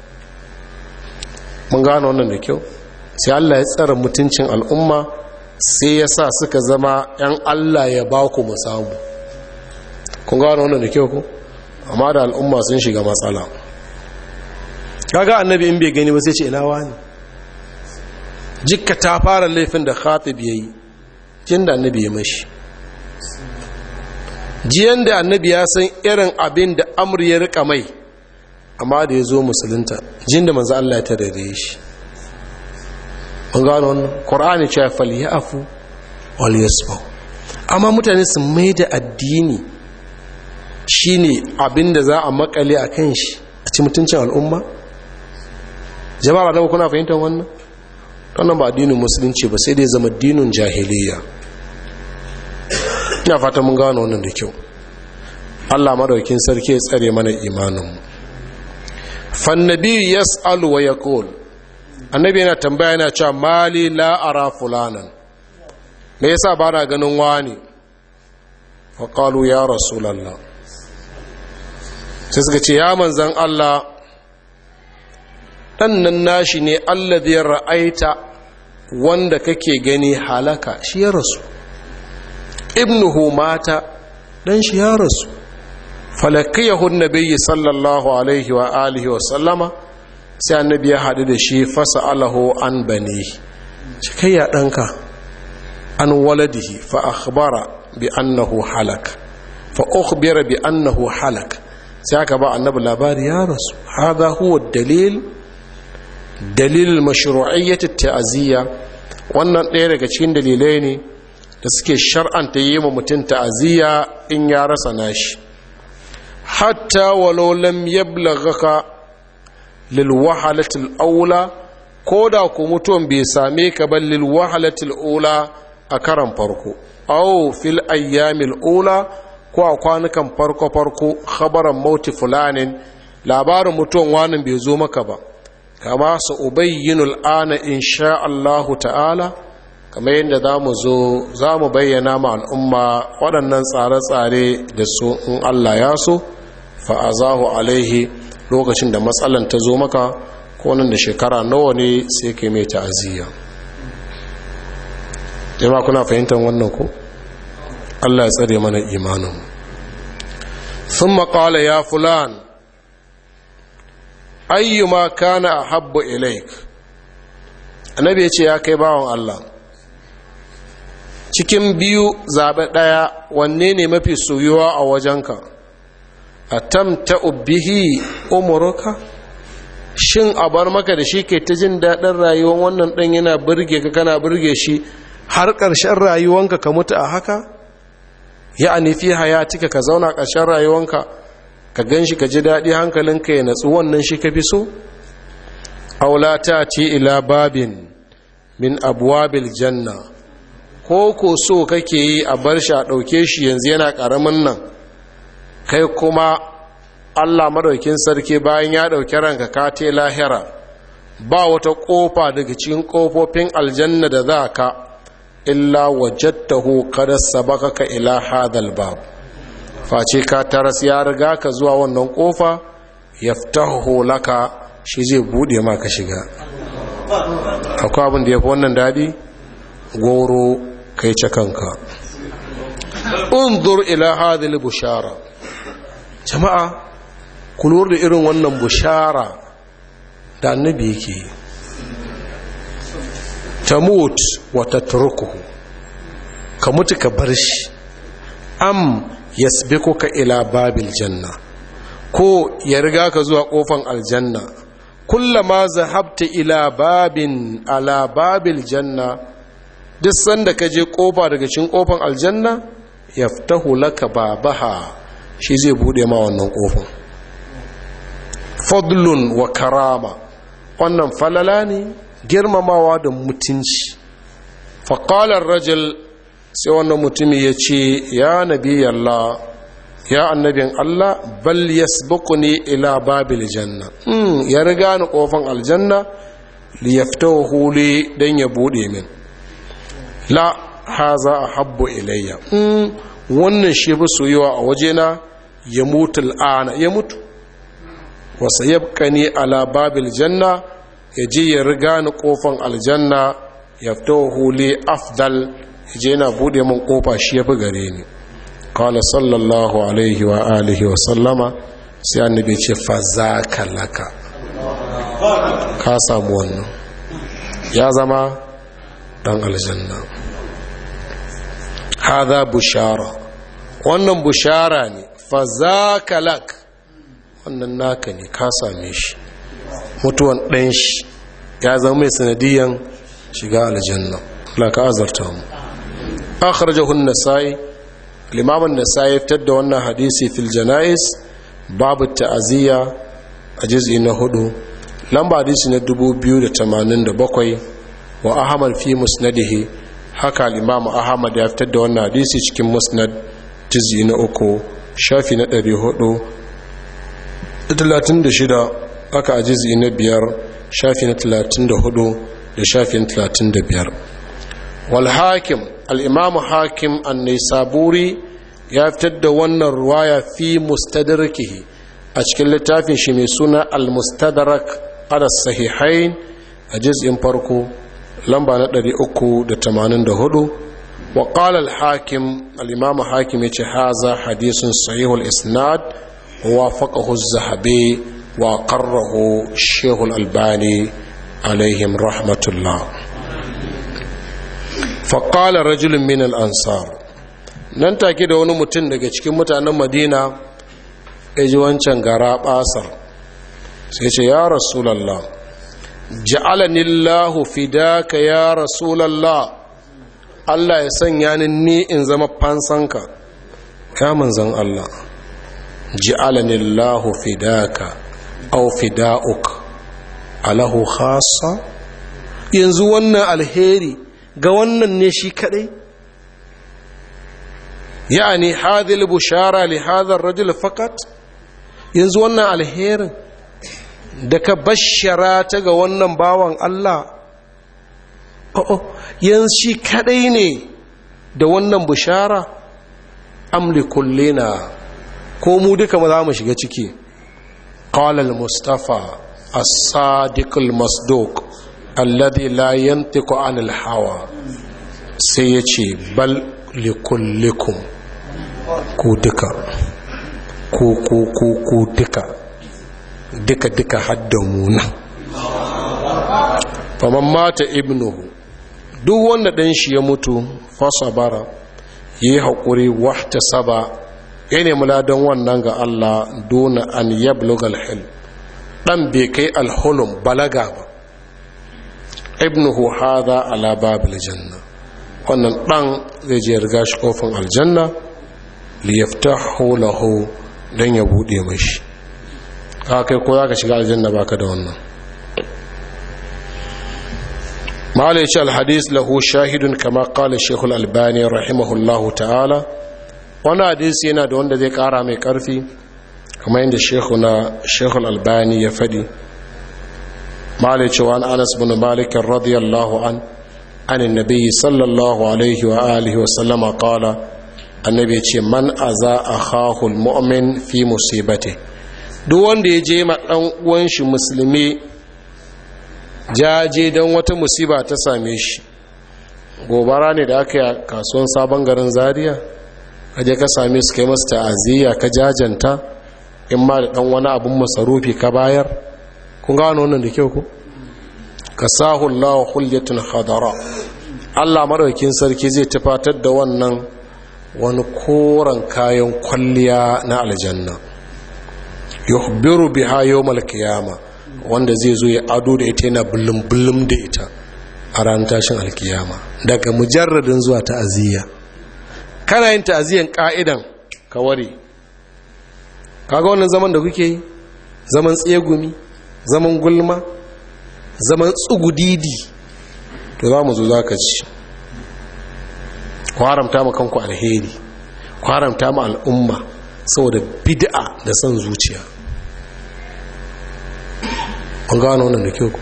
mun gane wannan da kyau sai Allah ya tsara mutuncin al'umma sai ya sa suka zama 'yan Allah ya ba ku musamu kun gano wannan da kyau ku amma da al'umma sun shiga matsala kaga annabi in bai gani ba sai ce ina wani jikka ta fara laifin da khatib yi jin da annabi ya mashi jiyan da annabi ya san irin abin da amur ya rika mai amma da ya zo musulunta jin da manzo Allah ya tarare shi an gano wannan ƙorani cewa faliya afu wal amma mutane su mai da addini shine abin da za a makale a kan shi a ci mutuncin al'umma jama'a da kuna fahimtar wannan wannan ba addinin musulunci ba sai dai zama addinin jahiliya ina fata mun gano wannan da kyau Allah maraukin sarki ya tsare mana imaninmu fannabi yas'alu wa Kowal. annabi yana tambaya yana cewa mali la ara fulanan me yasa ba na ganin wani wa qalu ya rasulullah sai suka ce ya manzan Allah dan nan nashi ne Allah alladhi ra'aita wanda kake gani halaka shi ya rasu ibnuhu mata dan shi ya rasu falakiyahun nabiyyi sallallahu alaihi wa alihi wa sallama sai annabi ya haɗu da shi fasa alahu an bane cikayya ɗanka an waladihi fa akhbara bi annahu halak fa ukhbira bi annahu halak sai aka ba annabi labari ya rasu hadha huwa dalil dalil mashru'iyyat ta'ziya wannan ɗaya daga cikin dalilai ne da suke shar'anta yi wa mutum ta'aziyya in ya rasa nashi hatta walau lam yablaghaka lilwahalatul aula ko da ku mutum bai same ka ba lilwahalatil ula a karan farko au fil ayyamil ula ko a kwanukan farko farko khabaran mauti fulanin labarin mutuwan wani bai zo maka ba kama su ubayyinul ana insha Allahu ta'ala kamar yadda za mu zo za mu bayyana ma al'umma waɗannan tsare-tsare da su in Allah ya so fa'azahu alaihi lokacin da matsalan ta zo maka ko nan da shekara nawa ne sai kai mai ta'aziyya jama kuna fahimtar wannan ko Allah ya tsare mana imanin thumma qala ya fulan ayyuma kana habbu ilaik annabi ya ce ya kai bawon Allah cikin biyu zaɓe ɗaya wanne ne mafi soyuwa a wajenka a tamta ubihi umuruka shin a bar maka da shi ke ta jin daɗin rayuwar wannan ɗan yana birge ka kana birge shi har ƙarshen rayuwanka ka mutu a haka ya anifi hayatika ka zauna ƙarshen rayuwanka ka gan shi ka ji daɗi hankalinka ya natsu wannan shi ka fi so aulata ce ila babin min abuwabil janna ko ko so kake yi a bar shi a ɗauke shi yanzu yana ƙaramin nan kai kuma allah maɗaukin sarki bayan ya ɗauki ranka ka te lahira ba wata ƙofa daga cikin ƙofofin aljanna da za ka illa wajattahu kada sabaka ka ila hadal bab face ka taras ya riga ka zuwa wannan ƙofa yaftahu laka shi zai buɗe ma shiga akwai abin da ya fi wannan daɗi goro kai cakanka. kanka unzur ila hadal bushara jama'a ku lura da irin wannan bushara da annabi yake tamut wa tatrukuhu ka mutu ka bar shi am ka ila babil janna ko ya riga ka zuwa kofan aljanna kullama zahabta ila babin ala babil janna duk sanda ka je kofa daga cikin kofan aljanna yaftahu laka babaha shi zai bude ma wannan kofin fadlun wa karama wannan falala ne girmamawa da mutunci faƙalar rajal sai wannan mutumi ya ce ya nabi Allah ya annabin Allah bal ne ila babil janna hmm, ya riga ni kofan aljanna li wa huli don ya bude min la haza habbo ilayya hmm, wannan shi ba soyuwa a wajena ya mutu al'ana ya mutu wasa yabka ne ala babil janna ya je ya riga ni kofan aljanna ya fito hule afdal ya je yana bude min kofa shi ya fi gare ni kala sallallahu alaihi wa alihi wa sallama sai annabi ce fa za ka laka ka samu wannan ya zama dan aljanna haza bushara wannan bushara ne kalak. wannan naka ne ka same shi mutuwan ɗan shi ya zama mai sanadiyan shiga aljanna laka ka azarta mu akhrajahu nasai limamin nasai ya fitar da wannan hadisi fil janais babu ta'aziyya a juz'i na hudu lamba hadisi na 2087 wa ahmad fi musnadihi haka limamu ahmad ya fitar da wannan hadisi cikin musnad tizi na uku shafi na 436 haka a na biyar shafi na 34 da shafi na 35 walhakim al'imamu hakim an saburi ya fitar da wannan ruwaya fi mustadarkihi a cikin littafin shi mai suna al-mustadrak ala sahihain a jiz'in farko lamba na 384 wa qala al-hakim al-imam hakim yace haza hadisun sahihul isnad wa faqahu az wa qarrahu shehul albani alaihim rahmatullah fa qala rajulun min al-ansar nan take da wani mutum daga cikin mutanen madina ya ji wancan gara basar sai ce ya rasulallah ja'alani Allahu fidaka ya rasulallah Allah ya sanya ni ni in zama fansanka ya manzan Allah ja'alani Allahu fidaka aw fida'uk alahu khassa yanzu wannan alheri ga wannan ne shi kadai Ya'ani hadhihi bushara li hadha ar-rajul faqat yanzu wannan alherin da ka bashara ta ga wannan bawan Allah Oh oh yanzu kadai ne da wannan bishara amli na. ko mu duka ma za mu shiga ciki qalal mustafa as-sadiq al-masduq alladhi la yantiqu al hawa sai yace bal likullikum ku duka ku ku ku ku duka duka-duka haddamu nan faman mata ibnuhu duk wanda ɗan shi ya mutu fasa bara yi haƙuri wata saba ya nemi wannan ga Allah dona an yablug alhil ɗan bai kai alhulun balaga ba ibnuhu haza ala babil janna wannan ɗan zai je riga shi kofin aljanna liyaftahu lahu don ya buɗe mashi ka kai ko za ka shiga aljanna ka da wannan malai alhadis lahu shahidun kama kala shekul albani rahimahullahu ta'ala wani hadisi yana da wanda zai kara mai karfi kamar yadda shekuna shekul albani ya fadi malai ce anas bin malikin radiyallahu an anin nabi sallallahu alaihi wa alihi wa sallama kala annabi ce man aza a mu'min fi musibati duk wanda ya je ma ɗan uwan shi musulmi jaje don wata musiba ta same shi gobara ne da aka yi a kasuwan sabon garin zaria kaje ka same su kai masu ta'aziyya ka jajanta in ma da ɗan wani abin masarufi ka bayar kun gano wannan da kyau ku ka sahu lawa hulyatun hadara allah maraukin sarki zai tafatar da wannan wani koren kayan kwalliya na aljanna yuhbiru biha yawmal qiyama wanda zai zo ya ado da ita yana bullum bullum da ita a ran tashin alkiyama daga mujarradin zuwa ta'aziyya kana yin ta'aziyyan ka'idan ka ware kaga wannan zaman da kuke yi zaman tsegumi zaman gulma zaman tsugudidi to za mu zo za ka ci ku haramta ma kanku alheri ku haramta ma al'umma saboda bid'a da son zuciya an gano wannan da kyau ku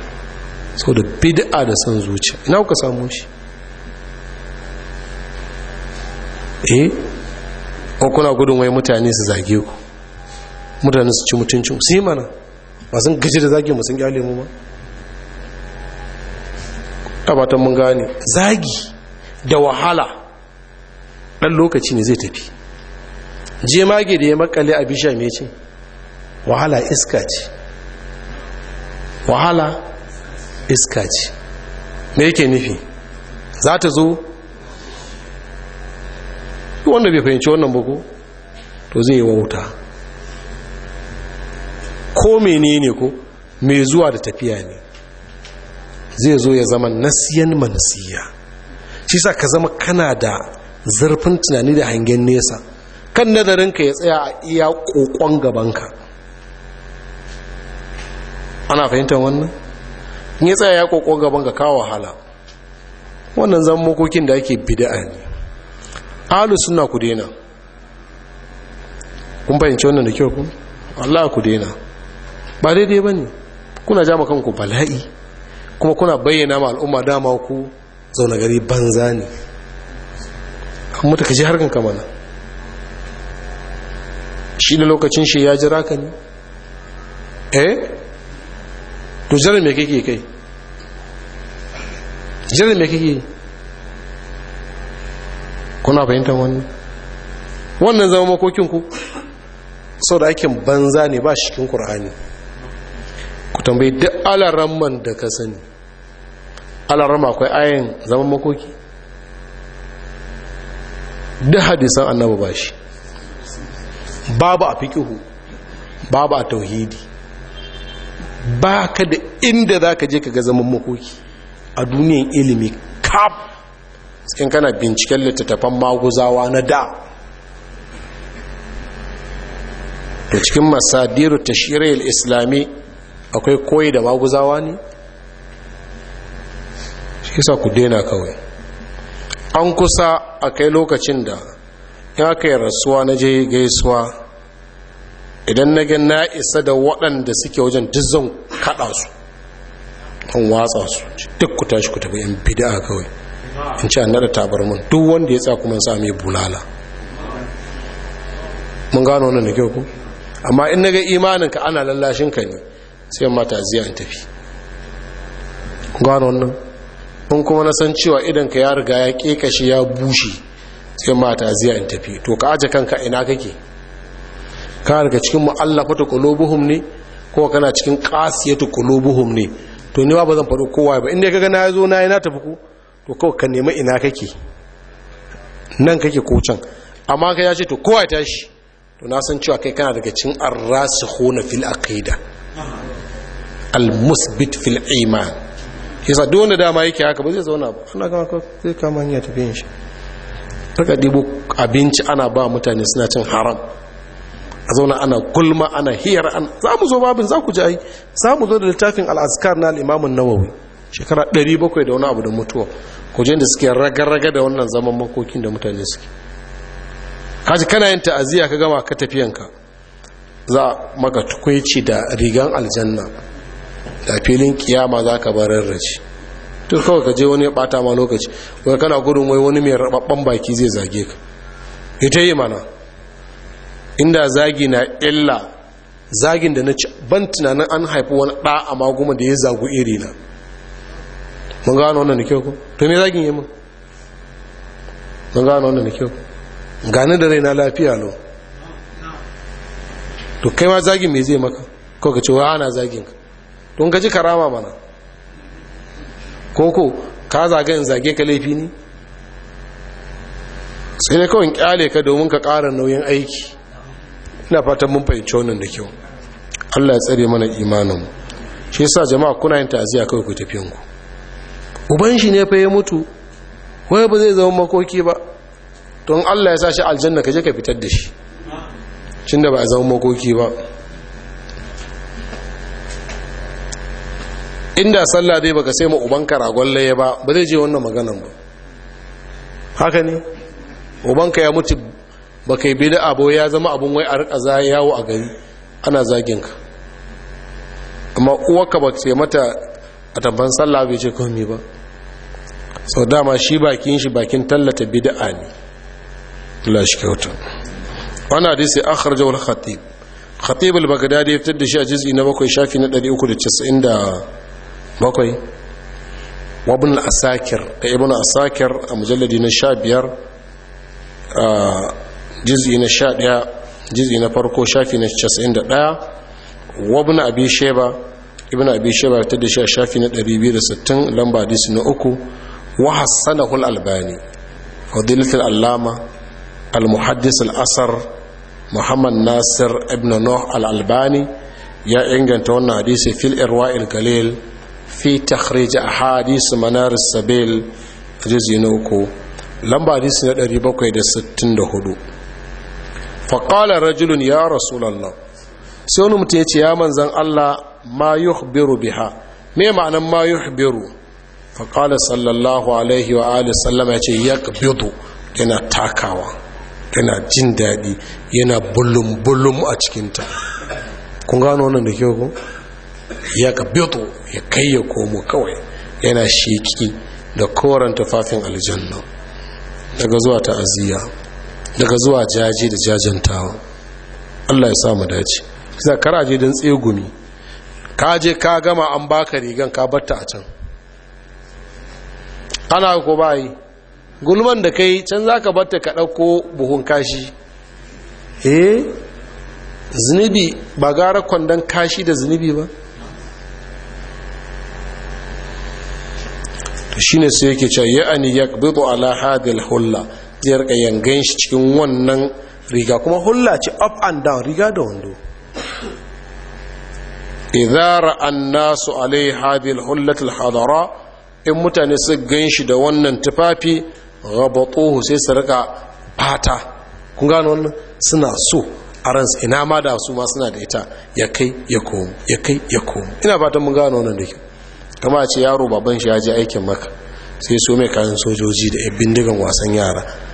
sau da bid'a da san zuciya ina kuka samu shi eh ko kuna gudun wai mutane su zage ku mutane su ci mutuncin su yi mana masu gaji da zage mu sun gyale mu ma tabbatar mun gane zagi da wahala Dan lokaci ne zai tafi jemage da ya makale a bisha mai ce wahala iska ce wahala iska ce me yake nufi za ta zo wanda bai fahimci wannan bako to zai yi wauta ko menene ko mai zuwa da tafiya ne zai zo ya zama nasiyan manasiya shi sa ka zama kana da zarfin tunani da hangen nesa kan nadarinka ya tsaya a iya kokon gabanka ana fahimtar wannan in ya tsaya ya kokon gaban ga kawo wahala wannan zan mokokin da ake bida'a ne alu suna ku daina kun fahimci wannan da kyau ku Allah ku daina ba daidai ba ne kuna jama kanku bala'i kuma kuna bayyana ma al'umma dama ku zaune gari banza ne an mutu ka ji harkar kamana shi da lokacin shi ya jira ka ne eh to jira me kake kai jira me kake kuna fahimtar wannan wannan zama makokin ku sau da aikin banza ne ba cikin Kur'ani. ku tambayi duk alaramman da ka sani alarama akwai ayin zaman makoki duk hadisan annaba ba shi babu a fikihu babu a tauhidi ba ka da inda za ka je ka ga zaman makoki a duniyan ilimi kaf cikin kana binciken littattafan maguzawa na da da cikin masadiru ta shirayar islami akwai koyi da maguzawa ne shi sa ku daina kawai an kusa a kai lokacin da ya kai rasuwa na je gaisuwa idan na ga na isa da waɗanda suke wajen duk zan kaɗa su an watsa su duk ku tashi ku tafi yan bid'a kawai in ci annada mun duk wanda ya tsaya kuma sa mai bulala mun gano wannan da kyau ku amma in ga imanin ka ana lallashin ka ne sai mata ziya in tafi gano wannan mun kuma na san cewa idan ka ya riga ya kekashe ya bushe sai mata ziya in tafi to ka aje kanka ina kake ka daga cikin mu'allafatu qulubuhum ne ko kana cikin kasiyatu qulubuhum ne to ni ba zan faru kowa ba inda kaga na zo na yi na tafi ku to kawai ka nemi ina kake nan kake ko can amma ka ya ce to kowa ya tashi to na san cewa kai kana daga cikin arrasikhuna fil aqida al musbit fil iman yasa duk wanda dama yake haka ba zai zauna ba ana kama ka zai kama hanya tafiyin shi ka dibo abinci ana ba mutane suna cin haram a zauna ana gulma ana hiyar an za mu zo babin za ku ji ai za mu zo da littafin al'askar na al'imamun nawawi shekara 700 da wani abu da mutuwa ku da suke ragarraga raga da wannan zaman makokin da mutane suke kaji kana yin ta'aziyya ka gama ka tafiyanka za maka tukwaici da rigan aljanna da filin kiyama za ka barar raji to kawai ka je wani ya bata ma lokaci wai kana gudun wai wani mai rababban baki zai zage ka ita yi mana inda zagi na illa zagin da na ci ban tunanin an haifi wani ɗa a maguma da ya zagu iri na mun gano wannan da kyau ku to me zagin yi mun mun gano wannan da kyau gani da raina lafiya lo to kai ma zagin me zai maka ko ka ce wa ana zagin ka don ka ji karama mana ko ko ka zaga in zage ka laifi ne sai ne kawai kyale ka domin ka ƙara nauyin aiki ina fatan mun fahimci wannan da kyau Allah ya tsare mana imanin shi yasa jama'a kuna yin ta'aziyya kawai ku tafiyan ku uban shi ne fa ya mutu wai ba zai zama makoki ba don Allah ya sa shi aljanna ka je ka fitar da shi cin da ba a zama makoki ba inda sallah dai baka sai ma uban ka ragon laye ba ba zai je wannan maganan ba haka ne uban ka ya mutu ba yi bid'a abu ya zama abun wai a rika za yawo a gari ana zagin ka amma ka ba ce mata a tabban sallah bai ce komi ba sau dama shi bakin shi bakin tallata bid'a ne Allah shi kyauta wani an akhrajahu wani khatib khatib al da ya fitar da shi a jizi na bakwai shafi na 397 wa ibn al-asakir da ibn asakir a mujalladi na 15 juz'i na 11 juz'i na farko shafi na 91 wa ibn abi shayba ibn abi shayba ta da shafi na 260 lamba hadisi na uku wa hassanahu al-albani fadilat al-allama al-muhaddis al-asr muhammad nasir ibn nuh al-albani ya inganta wannan hadisi fil irwa'il galil fi takhrij ahadith manar sabil juz'i na uku lamba hadisi na 764 faƙalar rajulun ya rasulallah sai wani mutum ya ce ya manzan allah ma yuhbiru biha me ma'anan ma yuhbiru faƙalar sallallahu alaihi wa alihi sallama ya ce ya yana takawa yana jin daɗi yana bulum-bulum a cikinta kun gano wannan da kyau ko ya kabeto ya kai ya komo kawai yana sheki da koren tufafin aljanna daga zuwa ta'aziyya daga zuwa jaje da jajantawa Allah ya samu dace za ka je don tsegumi ka je ka gama an baka rigan ka batta a can ana ko bayi gulman da kai can ka batta ka ɗauko buhun kashi eh zunubi ba gara kwandon kashi da zunubi ba to shine sai yake cewa ya'ani yaqbidu ala hadil hulla zai rika yangan shi cikin wannan riga kuma hulla ci up and down riga da wando idara an nasu alai hadil hullatul hadara in mutane su gan shi da wannan tufafi rabatuhu sai su rika fata kun gano wannan suna so a su ina ma da su ma suna da ita ya kai ya komo ya kai ya komo ina fatan mun gano wannan da ke kama ce yaro baban shi ya je aikin maka sai so mai kayan sojoji da yan bindigan wasan yara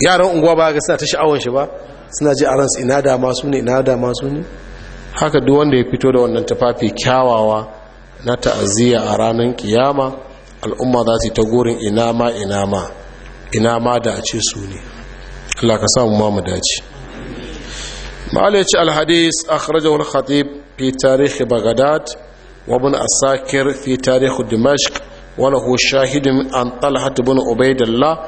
yaran unguwa ba ga suna ta sha'awar shi ba suna ji a ransu ina dama ne ina dama ne haka duk wanda ya fito da wannan tafafi kyawawa na ta'aziyya a ranar kiyama al'umma za su yi ta gorin ina ma ina da a ce su ne Allah ka samu ma mu dace ma'ala ya ce alhadis akhrajahu al-khatib fi tarihi baghdad wa ibn asakir fi tarihi dimashq wa lahu shahidun an talhat ibn ubaidillah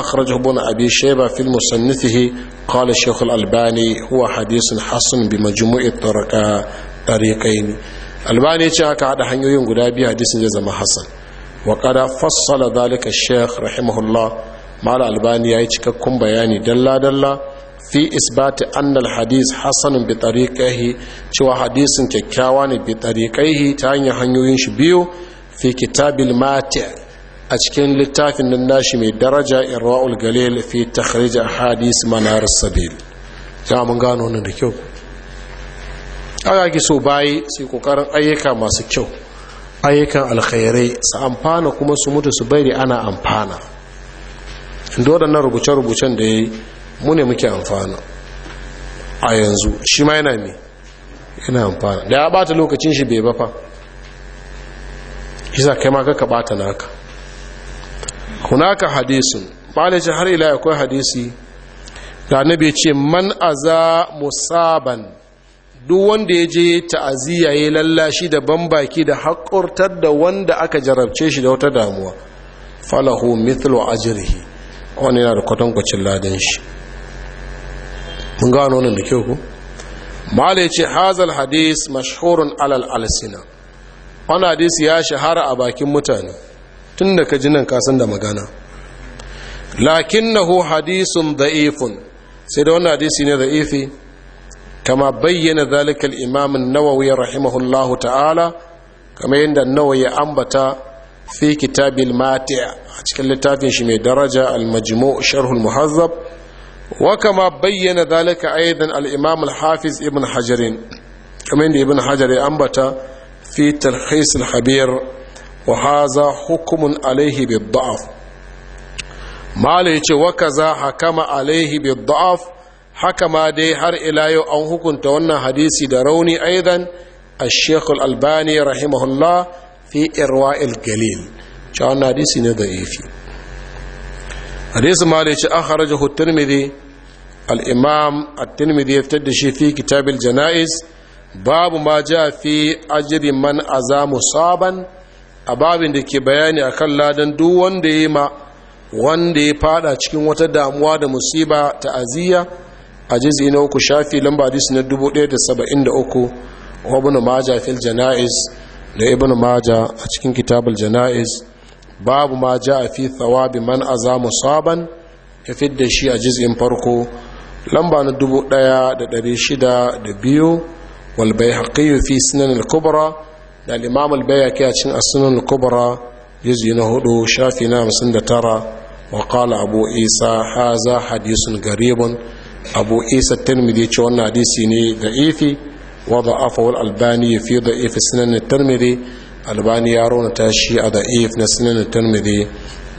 أخرجه ابن أبي شيبة في مصنفه قال الشيخ الألباني هو حديث حسن بمجموع الطريقين الألباني يتشاك هذا حنيو ينقل أبي حديث جزم حسن وقد فصل ذلك الشيخ رحمه الله مع الألباني يتشككم بياني دلا دلا في إثبات أن الحديث حسن بطريقه شو حديث ككاوان بطريقه تاني حنيو ينشبيو في كتاب الماتع a cikin littafin nan nashi mai daraja irwa'ul galil fi takhrij ahadith manar sabil za mun gano wannan da kyau aka ki so bai sai kokarin ayyuka masu kyau ayyukan alkhairai su amfana kuma su mutu su bai ana amfana inda waɗannan rubuce-rubucen da ya yi mu ne muke amfana a yanzu shi ma yana ne yana amfana da ya bata lokacin shi bai bafa isa kai ma ka bata naka hunaka hadisin malaci har ila akwai hadisi da nabi ce man aza musaban duk wanda ya je ta'aziyya ya lallashi da bambaki da haƙurtar da wanda aka jarabce shi da wata damuwa falahu mithlu ajrihi wani yana da kwatankwacin ladan shi mun gano wannan da kyau ku mala ya ce hazal hadis mashhurun alal alsina wani hadisi ya shahara a bakin mutane tun da ka ji nan kasan da magana lakinnahu hadisun da'ifun sai da wannan hadisi ne da'ifi kama bayyana zalikal imamin nawawi rahimahullahu ta'ala kamar yadda nawawi ya ambata fi kitabil mati' a cikin littafin shi mai daraja al sharhul muhazzab wa kama bayyana zalika aidan al-imam al-hafiz ibn Hajar, kamar yadda ibn hajar ya ambata fi talhis al-habir wa haza hukumun alaihi bi da'af mala yace wa kaza hakama alaihi bi da'af haka ma dai har ila yau an hukunta wannan hadisi da rauni aidan الشيخ الألباني رحمه الله في إرواء الجليل كان حديث ضعيف حديث مالك أخرجه الترمذي الإمام الترمذي يفتد في كتاب الجنائز باب ما جاء في أجر من أذى مصابا a babin da ke bayani a kan ladan duk wanda ya yi ma wanda ya fada cikin wata damuwa da musiba ta aziya a jizi na uku shafi lamba hadisi na 1073 wa ibn maja fil janaiz da ibn maja a cikin kitabul janaiz babu ma ja fi thawabi man azama saban ya fidda shi a jizin farko lamba na 1602 wal bayhaqi fi sinanin al-kubra da al-imam al a cikin as-sunan al-kubra juz'i na hudu shafi na 59 wa qala abu isa haza hadisun garibun abu isa tirmidhi ce wannan hadisi ne da ifi wa da'afahu al-albani fi da'if sunan tirmidhi albani ya raunata shi a da'if na sunan tirmidhi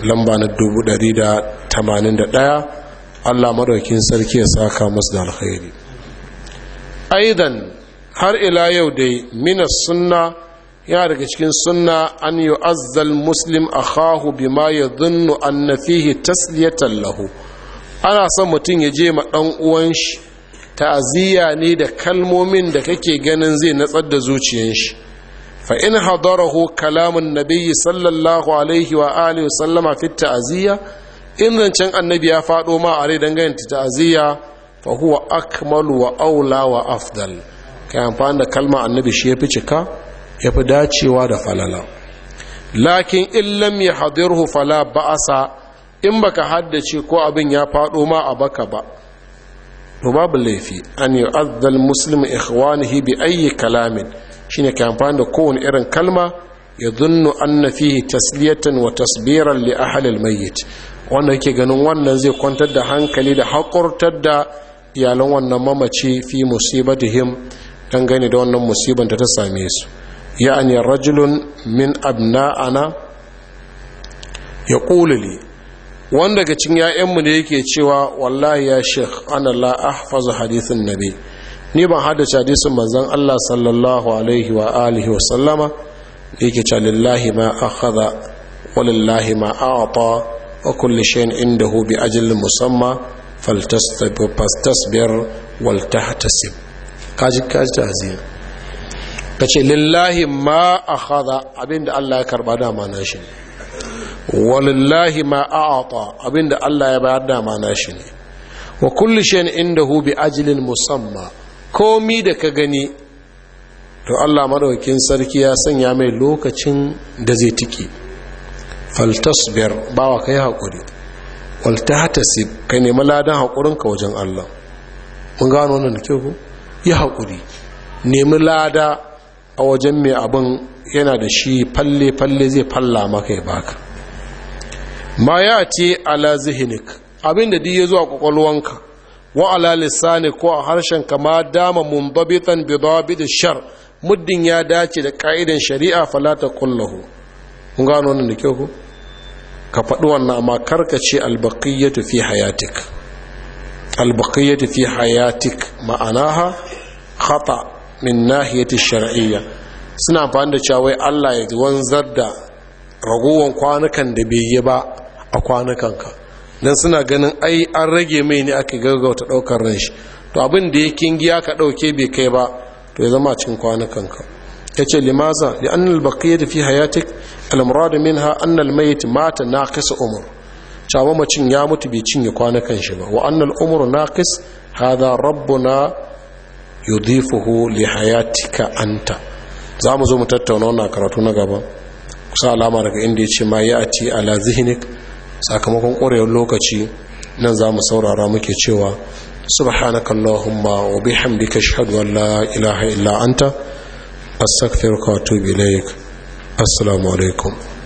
lamba na 181 Allah madaukin sarki ya saka masu da alkhairi aidan har ila yau dai mina sunna yana daga cikin sunna an azzal muslim akhahu bima yadhunnu anna fihi tasliyatan lahu ana son mutum ya je ma dan uwan shi ta'aziyya ne da kalmomin da kake ganin zai natsar da zuciyar shi fa in hadarahu kalamun nabiyyi sallallahu alaihi wa alihi wa sallama fi ta'aziyya in zancen annabi ya faɗo ma a rai dangane ta'aziyya fa huwa akmalu wa aula wa afdal kai amfani da kalma annabi shi ya fi cika ya fi dacewa da falala lakin illam ya hadirhu fala ba'asa in baka haddace ko abin ya faɗo ma a baka ba to babu laifi an yi azzal muslim ikhwanihi bi ayyi kalamin shine ka amfani da kowane irin kalma ya zunnu anna fihi tasliyatan wa tasbiran li ahlil mayyit wanda yake ganin wannan zai kwantar da hankali da haƙurtar da iyalan wannan mamaci fi musibatihim dangane da wannan musiban da ta same su يعني رجل من أبناءنا يقول لي wanda daga cikin ‘ya'yanmu ne yake cewa wallahi ya sheikh ana la ahfazu hadithin nabi ni ban haddace hadisin manzon Allah sallallahu alaihi wa alihi wa sallama yake cewa lillahi ma akhadha wa lillahi ma a'ta wa kulli shay'in indahu bi ajalin musamma faltastabir wal tahtasib kaji kaji ta'zim ka ce lillahi ma a haɗa abinda Allah ya karɓa dama na shi ne walillahi ma a aƙa abinda Allah ya bayar dama na shi ne wa kulli shan inda hu bi ajilin musamma komi da ka gani to Allah maɗaukin sarki ya sanya mai lokacin da zai tiki faltasbir bawa ka yi haƙuri si ka nemi ladan haƙurinka wajen Allah mun gano wannan da kyau ku yi haƙuri nemi lada a wajen mai abin yana da shi falle-falle zai falla maka ya baka ma ya ce ala zihinik abinda da ya zuwa kwakwalwanka wa ala lissani ko a harshen kama dama mumbabitan bidabi da shar muddin ya dace da ka'idan shari'a falata kullahu kun gano wannan da kyau ku ka faɗi wannan amma karkace albaqiyyatu fi hayatik ma'ana fi hayatik ma'anaha khata' min nahiyati shar'iyya suna amfani da cewa Allah ya wanzar da ragowar kwanukan da bai yi ba a kwanukan ka dan suna ganin ai an rage mai ne aka gaggauta daukar ran shi to abin da ya kingiya ka dauke bai kai ba to ya zama cikin kwanukan ka yace limaza li anna al baqiyata fi hayatik al murad minha anna al mayit mata naqis umar cewa mamacin ya mutu bai cinye kwanukan shi ba wa anna al umru naqis rabbu rabbuna yudhifuhu li hayatika anta za mu zo mu tattauna wannan karatu na gaba kusa alama daga inda ya ce ma ya ati ala zihnik sakamakon ƙwarewar lokaci nan za mu saurara muke cewa subhanaka allahumma wa bihamdika ashhadu an la ilaha illa anta astaghfiruka wa atubu ilaik assalamu alaikum